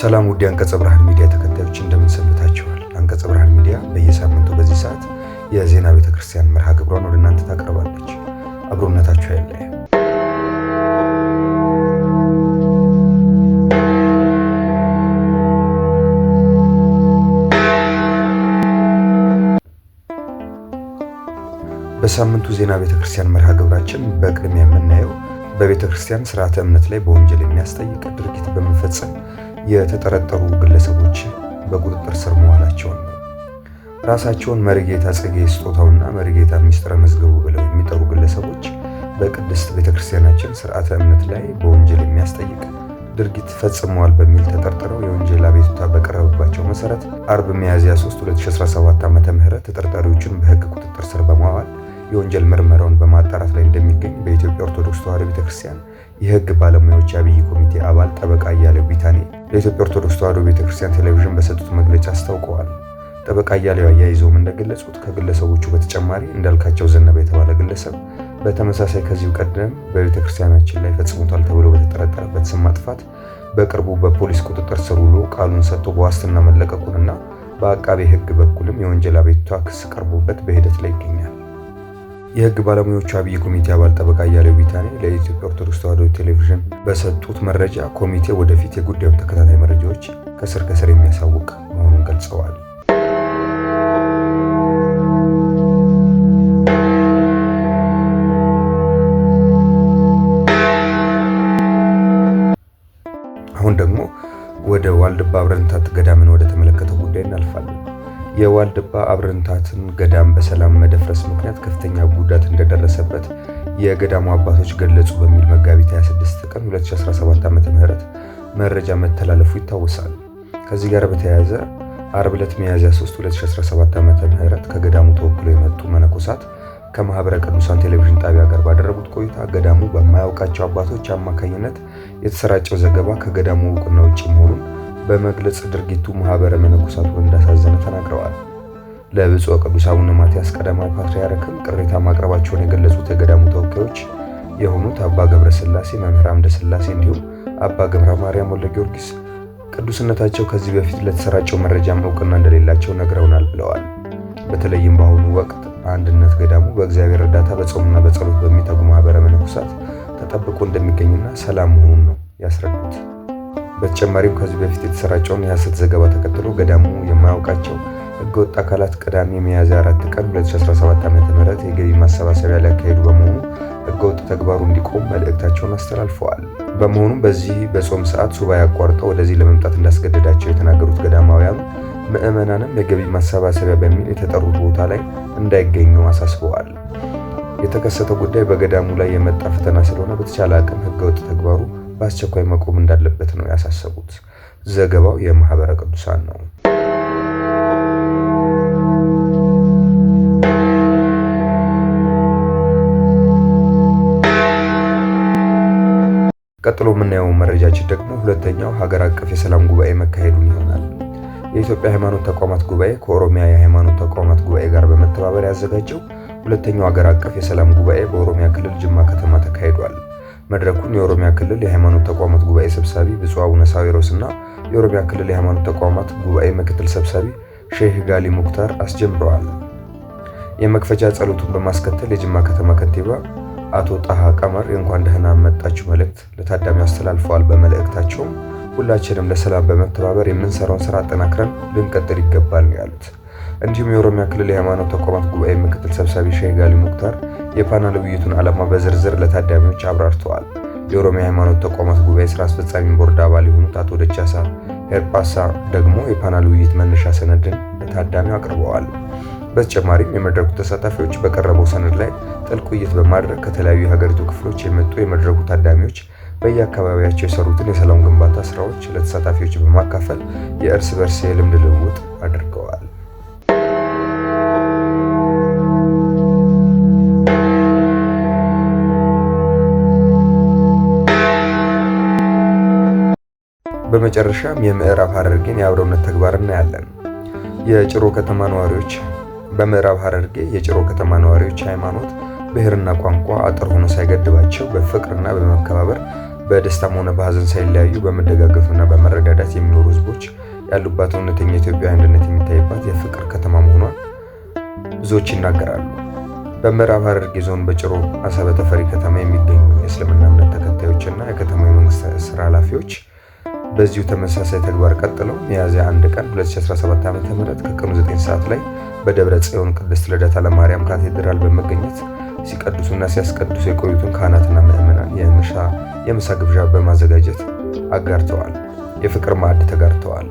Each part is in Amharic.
ሰላም ውድ አንቀጸ ብርሃን ሚዲያ ተከታዮች እንደምን ሰንብታችኋል? አንቀጸ ብርሃን ሚዲያ በየሳምንቱ በዚህ ሰዓት የዜና ቤተ ክርስቲያን መርሃ ግብሯን ወደ እናንተ ታቀርባለች። አብሮነታችሁ ያለ በሳምንቱ ዜና ቤተክርስቲያን መርሃ ግብራችን በቅድሚያ የምናየው በቤተክርስቲያን ስርዓተ እምነት ላይ በወንጀል የሚያስጠይቅ ድርጊት በመፈጸም የተጠረጠሩ ግለሰቦች በቁጥጥር ስር መዋላቸውን ነው። ራሳቸውን መርጌታ ጽጌ ስጦታውና መርጌታ ሚስጥረ መዝገቡ ብለው የሚጠሩ ግለሰቦች በቅድስት ቤተክርስቲያናችን ስርዓተ እምነት ላይ በወንጀል የሚያስጠይቅ ድርጊት ፈጽመዋል በሚል ተጠርጥረው የወንጀል አቤቱታ በቀረበባቸው መሰረት አርብ ሚያዝያ 3 2017 ዓ ም ተጠርጣሪዎቹን በህግ ቁጥጥር ስር በማዋል የወንጀል ምርመራውን በማጣራት ላይ እንደሚገኝ በኢትዮጵያ ኦርቶዶክስ ተዋሕዶ ቤተክርስቲያን የህግ ባለሙያዎች የአብይ ኮሚቴ አባል ጠበቃ አያሌው ቢታኔ ለኢትዮጵያ ኦርቶዶክስ ተዋሕዶ ቤተክርስቲያን ቴሌቪዥን በሰጡት መግለጫ አስታውቀዋል። ጠበቃ አያሌው አያይዘውም እንደገለጹት ከግለሰቦቹ በተጨማሪ እንዳልካቸው ዘነበ የተባለ ግለሰብ በተመሳሳይ ከዚሁ ቀደም በቤተክርስቲያናችን ላይ ፈጽሞታል ተብሎ በተጠረጠረበት ስም ማጥፋት በቅርቡ በፖሊስ ቁጥጥር ስር ውሎ ቃሉን ሰጥቶ በዋስትና መለቀቁንና በአቃቤ ህግ በኩልም የወንጀል አቤቱታ ክስ ቀርቦበት በሂደት ላይ ይገኛል። የህግ ባለሙያዎች አብይ ኮሚቴ አባል ጠበቃ አያሌው ቢታኔ ለኢትዮጵያ ኦርቶዶክስ ተዋሕዶ ቴሌቪዥን በሰጡት መረጃ ኮሚቴ ወደፊት የጉዳዩን ተከታታይ መረጃዎች ከስር ከስር የሚያሳውቅ መሆኑን ገልጸዋል። አሁን ደግሞ ወደ ዋልድባ አብረንታንት ገዳምን ወደ ተመለከተው ጉዳይ እናልፋለን። የዋልድባ አብረንታትን ገዳም በሰላም መደፍረስ ምክንያት ከፍተኛ ጉዳት እንደደረሰበት የገዳሙ አባቶች ገለጹ በሚል መጋቢት 26 ቀን 2017 ም መረጃ መተላለፉ ይታወሳል። ከዚህ ጋር በተያያዘ አርብ ዕለት ሚያዝያ 3 2017 ም ከገዳሙ ተወክሎ የመጡ መነኮሳት ከማህበረ ቅዱሳን ቴሌቪዥን ጣቢያ ጋር ባደረጉት ቆይታ ገዳሙ በማያውቃቸው አባቶች አማካኝነት የተሰራጨው ዘገባ ከገዳሙ እውቅና ውጭ መሆኑን በመግለጽ ድርጊቱ ማህበረ መነኮሳቱን እንዳሳዘነ ተናግረዋል። ለብፁዕ ቅዱስ አቡነ ማትያስ ቀዳማዊ ፓትርያርክም ቅሬታ ማቅረባቸውን የገለጹት የገዳሙ ተወካዮች የሆኑት አባ ገብረ ስላሴ መምህር አምደ ስላሴ እንዲሁም አባ ገብረ ማርያም ወልደ ጊዮርጊስ ቅዱስነታቸው ከዚህ በፊት ለተሰራጨው መረጃም እውቅና እንደሌላቸው ነግረውናል ብለዋል። በተለይም በአሁኑ ወቅት አንድነት ገዳሙ በእግዚአብሔር እርዳታ በጾምና በጸሎት በሚተጉ ማህበረ መነኮሳት ተጠብቆ እንደሚገኝና ሰላም መሆኑን ነው ያስረዱት። በተጨማሪም ከዚህ በፊት የተሰራጨውን የሐሰት ዘገባ ተከትሎ ገዳሙ የማያውቃቸው ህገወጥ አካላት ቅዳሜ ሚያዝያ 4 ቀን 2017 ዓ.ም የገቢ ማሰባሰቢያ ሊያካሄዱ በመሆኑ ህገወጥ ተግባሩ እንዲቆም መልእክታቸውን አስተላልፈዋል። በመሆኑም በዚህ በጾም ሰዓት ሱባኤ አቋርጠው ወደዚህ ለመምጣት እንዳስገደዳቸው የተናገሩት ገዳማውያን ምዕመናንም የገቢ ማሰባሰቢያ በሚል የተጠሩት ቦታ ላይ እንዳይገኙ አሳስበዋል። የተከሰተው ጉዳይ በገዳሙ ላይ የመጣ ፈተና ስለሆነ በተቻለ አቅም ህገወጥ ተግባሩ በአስቸኳይ መቆም እንዳለበት ነው ያሳሰቡት። ዘገባው የማህበረ ቅዱሳን ነው። ቀጥሎ የምናየው መረጃችን ደግሞ ሁለተኛው ሀገር አቀፍ የሰላም ጉባኤ መካሄዱን ይሆናል። የኢትዮጵያ ሃይማኖት ተቋማት ጉባኤ ከኦሮሚያ የሃይማኖት ተቋማት ጉባኤ ጋር በመተባበር ያዘጋጀው ሁለተኛው ሀገር አቀፍ የሰላም ጉባኤ በኦሮሚያ ክልል ጅማ ከተማ ተካሂዷል። መድረኩን የኦሮሚያ ክልል የሃይማኖት ተቋማት ጉባኤ ሰብሳቢ ብፁዕ አቡነ ሳዊሮስ እና የኦሮሚያ ክልል የሃይማኖት ተቋማት ጉባኤ ምክትል ሰብሳቢ ሼህ ጋሊ ሙክታር አስጀምረዋል። የመክፈቻ ጸሎቱን በማስከተል የጅማ ከተማ ከንቲባ አቶ ጣሃ ቀመር የእንኳን ደህና መጣችሁ መልእክት ለታዳሚ አስተላልፈዋል። በመልእክታቸውም ሁላችንም ለሰላም በመተባበር የምንሰራውን ስራ አጠናክረን ልንቀጥል ይገባል ያሉት። እንዲሁም የኦሮሚያ ክልል የሃይማኖት ተቋማት ጉባኤ ምክትል ሰብሳቢ ሼህ ጋሊ ሙክታር የፓናል ውይይቱን ዓላማ በዝርዝር ለታዳሚዎች አብራርተዋል። የኦሮሚያ ሃይማኖት ተቋማት ጉባኤ ስራ አስፈጻሚ ቦርድ አባል የሆኑት አቶ ደቻሳ ኤርጳሳ ደግሞ የፓናል ውይይት መነሻ ሰነድን ለታዳሚው አቅርበዋል። በተጨማሪም የመድረኩ ተሳታፊዎች በቀረበው ሰነድ ላይ ጥልቅ ውይይት በማድረግ ከተለያዩ የሀገሪቱ ክፍሎች የመጡ የመድረኩ ታዳሚዎች በየአካባቢያቸው የሰሩትን የሰላም ግንባታ ስራዎች ለተሳታፊዎች በማካፈል የእርስ በርስ የልምድ ልውውጥ በመጨረሻም የምዕራብ ሐረርጌን የአብሮነት ተግባር እናያለን። የጭሮ ከተማ ነዋሪዎች በምዕራብ ሐረርጌ የጭሮ ከተማ ነዋሪዎች ሃይማኖት፣ ብሔርና ቋንቋ አጥር ሆኖ ሳይገድባቸው በፍቅርና በመከባበር በደስታም ሆነ በሐዘን ሳይለያዩ በመደጋገፍና በመረዳዳት የሚኖሩ ህዝቦች ያሉባት እውነተኛ ኢትዮጵያ አንድነት የሚታይባት የፍቅር ከተማ መሆኗን ብዙዎች ይናገራሉ። በምዕራብ ሐረርጌ ዞን በጭሮ አሰበ ተፈሪ ከተማ የሚገኙ የእስልምና እምነት ተከታዮችና የከተማው የመንግስት ስራ ኃላፊዎች በዚሁ ተመሳሳይ ተግባር ቀጥለው ሚያዝያ 1 ቀን 2017 ም ከቀኑ 9 ሰዓት ላይ በደብረ ጽዮን ቅድስት ልደታ ለማርያም ካቴድራል በመገኘት ሲቀድሱና ሲያስቀድሱ የቆዩትን ካህናትና ምዕመናን የምሳ ግብዣ በማዘጋጀት አጋርተዋል። የፍቅር ማዕድ ተጋርተዋል።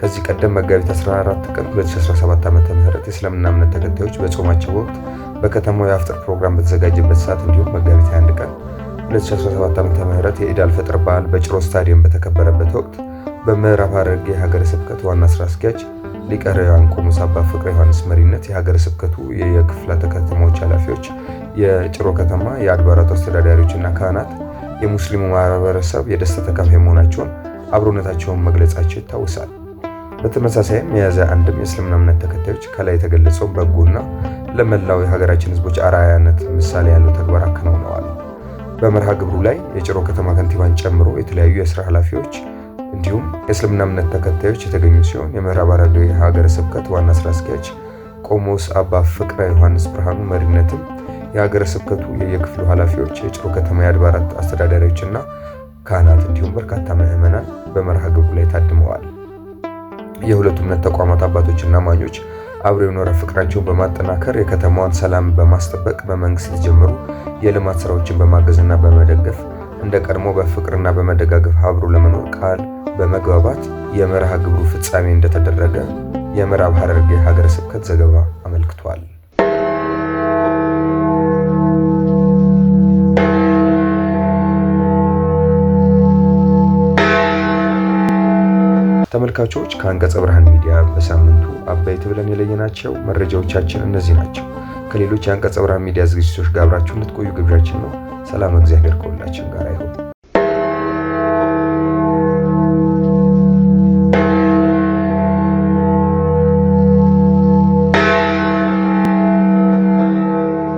ከዚህ ቀደም መጋቢት 14 ቀን 2017 ም የእስልምና እምነት ተከታዮች በጾማቸው ወቅት በከተማው የአፍጥር ፕሮግራም በተዘጋጀበት ሰዓት እንዲሁም መጋቢት 21 ቀን 2017 ዓ.ም የኢዳል ፈጥር በዓል በጭሮ ስታዲየም በተከበረበት ወቅት በምዕራብ ሐረርጌ የሀገረ ስብከት ዋና ስራ አስኪያጅ ሊቀ ሕያዋን ቆሞስ አባ ፍቅረ ዮሐንስ መሪነት የሀገረ ስብከቱ የክፍላተ ከተሞች ኃላፊዎች፣ የጭሮ ከተማ የአድባራቱ አስተዳዳሪዎችና ካህናት የሙስሊሙ ማህበረሰብ የደስታ ተካፋይ መሆናቸውን አብሮነታቸውን መግለጻቸው ይታወሳል። በተመሳሳይም ሚያዝያ አንድም የእስልምና እምነት ተከታዮች ከላይ የተገለጸውን በጎና ለመላው የሀገራችን ህዝቦች አርአያነት ምሳሌ ያለው ተግባር አከናውነዋል። በመርሃ ግብሩ ላይ የጭሮ ከተማ ከንቲባን ጨምሮ የተለያዩ የስራ ኃላፊዎች እንዲሁም የእስልምና እምነት ተከታዮች የተገኙ ሲሆን የምዕራብ ሐረርጌ ሀገረ ስብከት ዋና ስራ አስኪያጅ ቆሞስ አባ ፍቅረ ዮሐንስ ብርሃኑ መሪነትም የሀገረ ስብከቱ የየክፍሉ ኃላፊዎች፣ የጭሮ ከተማ የአድባራት አስተዳዳሪዎችና ካህናት እንዲሁም በርካታ ምዕመናን በመርሃ ግብሩ ላይ ታድመዋል። የሁለቱ እምነት ተቋማት አባቶችና ማኞች አብሮ የኖረ ፍቅራቸውን በማጠናከር የከተማዋን ሰላም በማስጠበቅ በመንግስት የተጀመሩ የልማት ስራዎችን በማገዝና በመደገፍ እንደ ቀድሞ በፍቅርና በመደጋገፍ አብሮ ለመኖር ቃል በመግባባት የመርሃ ግብሩ ፍጻሜ እንደተደረገ የምዕራብ ሐረርጌ ሀገረ ስብከት ዘገባ አመልክቷል። ተመልካቾች ከአንቀጸ ብርሃን ሚዲያ በሳምንቱ አበይት ብለን የለየናቸው መረጃዎቻችን እነዚህ ናቸው። ከሌሎች የአንቀጸ ብርሃን ሚዲያ ዝግጅቶች ጋር አብራችሁ እንድትቆዩ ግብዣችን ነው። ሰላም፣ እግዚአብሔር ከሁላችን ጋር ይሁን።